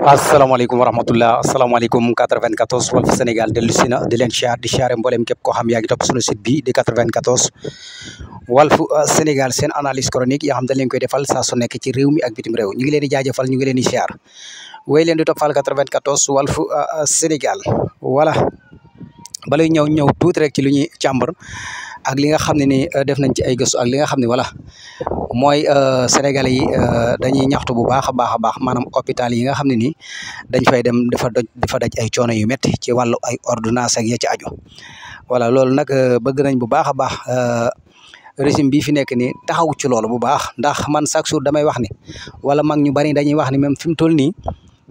asalaamaaleykum wa rahmatullah asalaamaaleykum 94 Walf Sénégal dellu si na di leen siyaar di siyaare mboolem képp koo xam yaa ngi topp suñu site bi di 94 Walf euh, Sénégal seen analyse chronique yoo xam dañ leen koy defal saa su nekk ci réew mi ak bitim réew ñu ngi leen di jaajëfal ñu ngi leen di siyaar wéy leen di toppal 94 Walf euh, euh, Sénégal voilà balay ñëw ñëw tuuti rek ci lu ñuy càmbar ak li nga xam ne ni euh, def nañ ci ay gëstu ak li nga xam ne voilà mooy euh, sénégalais yi euh, dañuy ñaxtu bu baax a baax a baax maanaam hôpital yi nga xam ne nii dañ fay dem dafa doj dafa daj ay coono yu métti ci wàllu ay ordonnance ak ya ci aju wala loolu nag bëgg nañ bu baax a baax régime bii fi nekk nii taxaw ci loolu bu baax ndax man chaque jour damay wax ni wala mag ñu bari dañuy wax ni même fi mu toll nii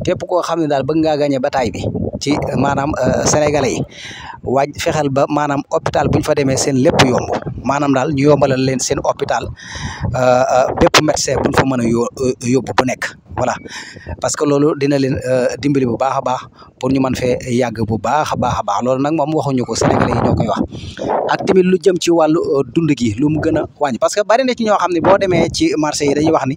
képp koo xam ne daal bëgg ngaa gagné bataille bi ci maanaam euh, sénégalais yi waaj fexeel ba maanaam hôpital bu ñu fa demee seen lépp yomb maanaam daal ñu yombalal leen seen hôpital euh, euh, bépp médecin bu ñu fa mën a yóbbu bu nekk voilà parce que loolu dina leen euh, dimbali bu baax a baax pour ñu mën fee yàgg bu baax a baax a baax loolu nag moom waxuñu ko sénégalais yi ñoo koy wax ak tamit lu jëm ci wàllu euh, dund gi lu mu gën a wàññi parce que bari na ci ñoo xam ne boo demee ci yi dañuy wax ni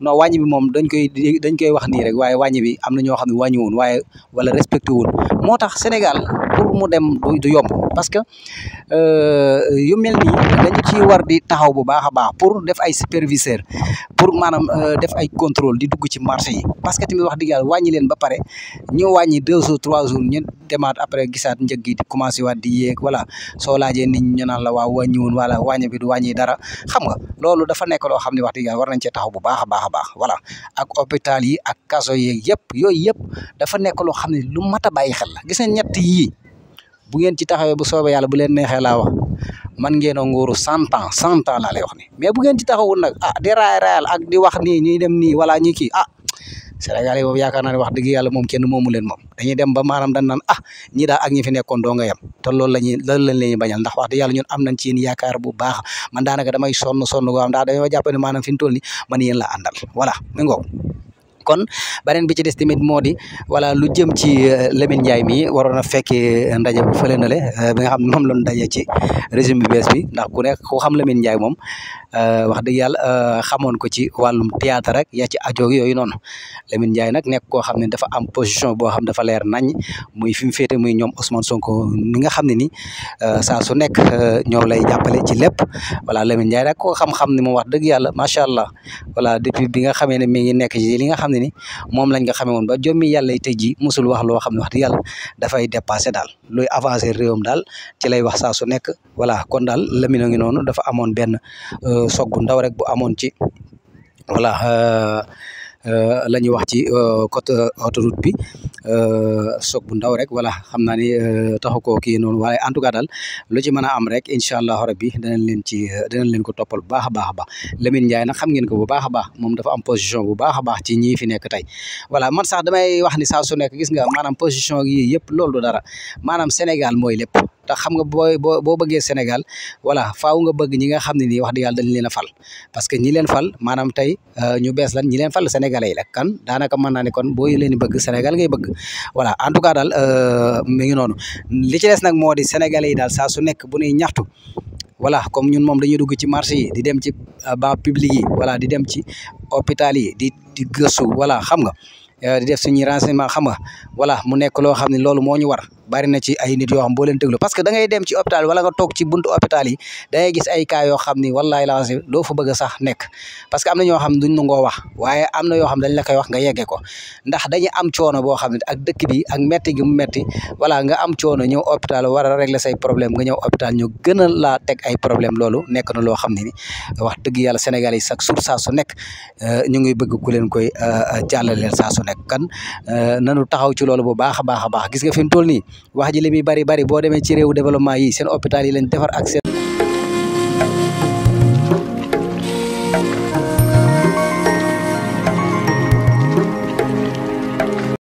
non wàññi bi moom dañ koy dañ koy wax nii rek waaye wàññi bi am na ñoo xam ne wàññi woon waaye wala respecté woon moo tax Sénégal pour mu dem du yomb parce que euh, yu mel nii dañu ci war di taxaw bu baax a baax pour def ay superviseur pour maanaam def ay contrôle di dugg ci marché yi parce que tamit wax dëgg yàlla leen ba pare ñu wàññi deux jours trois jours ñu demaat après gisaat njëg yi di commencé waat di yéeg voilà soo laajee nit ñu naan la waaw wàññiwun wala wàññi bi du wàññi dara xam nga loolu dafa nekk loo xam ne wax dëgg yàlla war nañ cee taxaw bu baax a baax a baax voilà ak hôpital yi ak kaso yeeg yëpp yooyu yëpp dafa nekk loo xam ne lu mat a bàyyi xel la gis ñett yii bu ngeen ci taxawee bu soobee yàlla bu leen neexee laa wax man ngeen a nguuru cent ans cent ans laa lay wax ni mais bu ngeen ci taxawul nag ah di raay ak di wax nii ñuy dem nii wala ñi kii ah Sénégal yi moom yaakaar naa ne wax dëgg yàlla moom kenn moomu leen moom dañuy dem ba maanaam dañ naan ah ñi daal ak ñi fi nekkoon doo nga te loolu la ñuy loolu lañ leen bañal ndax wax dëgg yàlla ñun am nañ ci yéen yaakaar bu baax man daanaka damay sonn sonn goo am ndax dañoo jàpp ne maanaam fi ñu toll nii man la àndal voilà mi ngoog kon beneen bi ci des tamit moo di voilà lu jëm ci euh, Lamine njaay mi waroon a fekkee euh, ndaje bu fële na le euh, bi nga xam ne moom lañu daje ci régime bu bees bi ndax ku nekk ku xam Lamine njaay moom wax dëgg yàlla xamoon ko ci wàllum théâtre rek yaa ci ajo yooyu noonu Lamine Ndiaye nag nekk koo xam ne dafa am position boo xam dafa leer nañ muy fi mu féete muy ñoom Ousmane Sonko mi nga xam ne ni saa su nekk ñoom lay jàppale ci lépp voilà Lamine Ndiaye nag koo dëgg yàlla macha allah voilà depuis bi nga xamee ne mi ngi nekk ci nga xam xam ne ni moom lañ nga xamee woon ba jommi yàlla tey ji musul wax loo xam ne wax dëgg yàlla dafay dépassé daal luy avancé réewam daal ci lay wax saa su nekk voilà kon daal Lamine a ngi noonu dafa amoon benn euh, sog bu ndaw rek bu amoon ci voilà euh, Euh, la ñuy wax ci euh, côté euh, autoroute bi choc bu ndaw rek wala xam naa ni taxu koo kii noonu waaye en tout cas daal lu ci mën am rek incha allah rabbi danañ leen ci danañ leen ko toppal bu baax a baax a baax Lamine Ndiaye nag xam ngeen ko bu baax a baax moom dafa am position bu baax a baax ci ñii fi nekk tey voilà man sax damay wax ni saa su nekk gis nga maanaam position yi yëpp loolu du dara maanaam Sénégal mooy lépp xam nga boo boo boo bëggee Sénégal voilà faaw nga bëgg ñi nga xam ne nii wax dëgg yàlla dañ leen a fal parce que ñi leen fal maanaam tey euh, ñu bees lan ñi leen fal Sénégalais yi la kan daanaka mën naa ne kon boo leen bëgg Sénégal ngay bëgg voilà en tout cas daal euh, ngi noonu li nag moo di Sénégalais yi daal saa su nekk bu ñuy ñaxtu voilà comme ñun moom dañuy dugg ci marché yi di dem ci euh, ban public yi voilà di dem ci opital yi di di gëstu voilà xam nga di def suñuy renseignement xam nga wala mu nekk loo xam ne loolu moo ñu war bari na ci ay nit yoo xam boo leen déglu parce que da ngay dem ci hôpital wala nga toog ci buntu hôpital yi da ngay gis ay cas yoo xam ni wallahi la doo fa bëgg a sax nekk parce que am na ñoo xam duñ nangoo wax waaye am na yoo xam dañ la koy wax nga yeggee ko ndax dañu am coono boo xam ne ak dëkk bi ak metti gi mu metti voilà nga am coono ñëw hôpital war a régler say problème nga ñëw hôpital ñu gën a laa teg ay problème loolu nekk na loo xam ne ni wax dëgg yàlla Sénégal yi chaque jour saa su nekk euh, ñu ngi bëgg ku leen koy euh, jàllaleel saa su nekk kan euh, nanu taxaw ci loolu bu baax a baax a baax gis nga fi mu toll nii wax ji li muy bari bari boo demee ci réewu développement yi seen hôpital yi lañ defar ak seen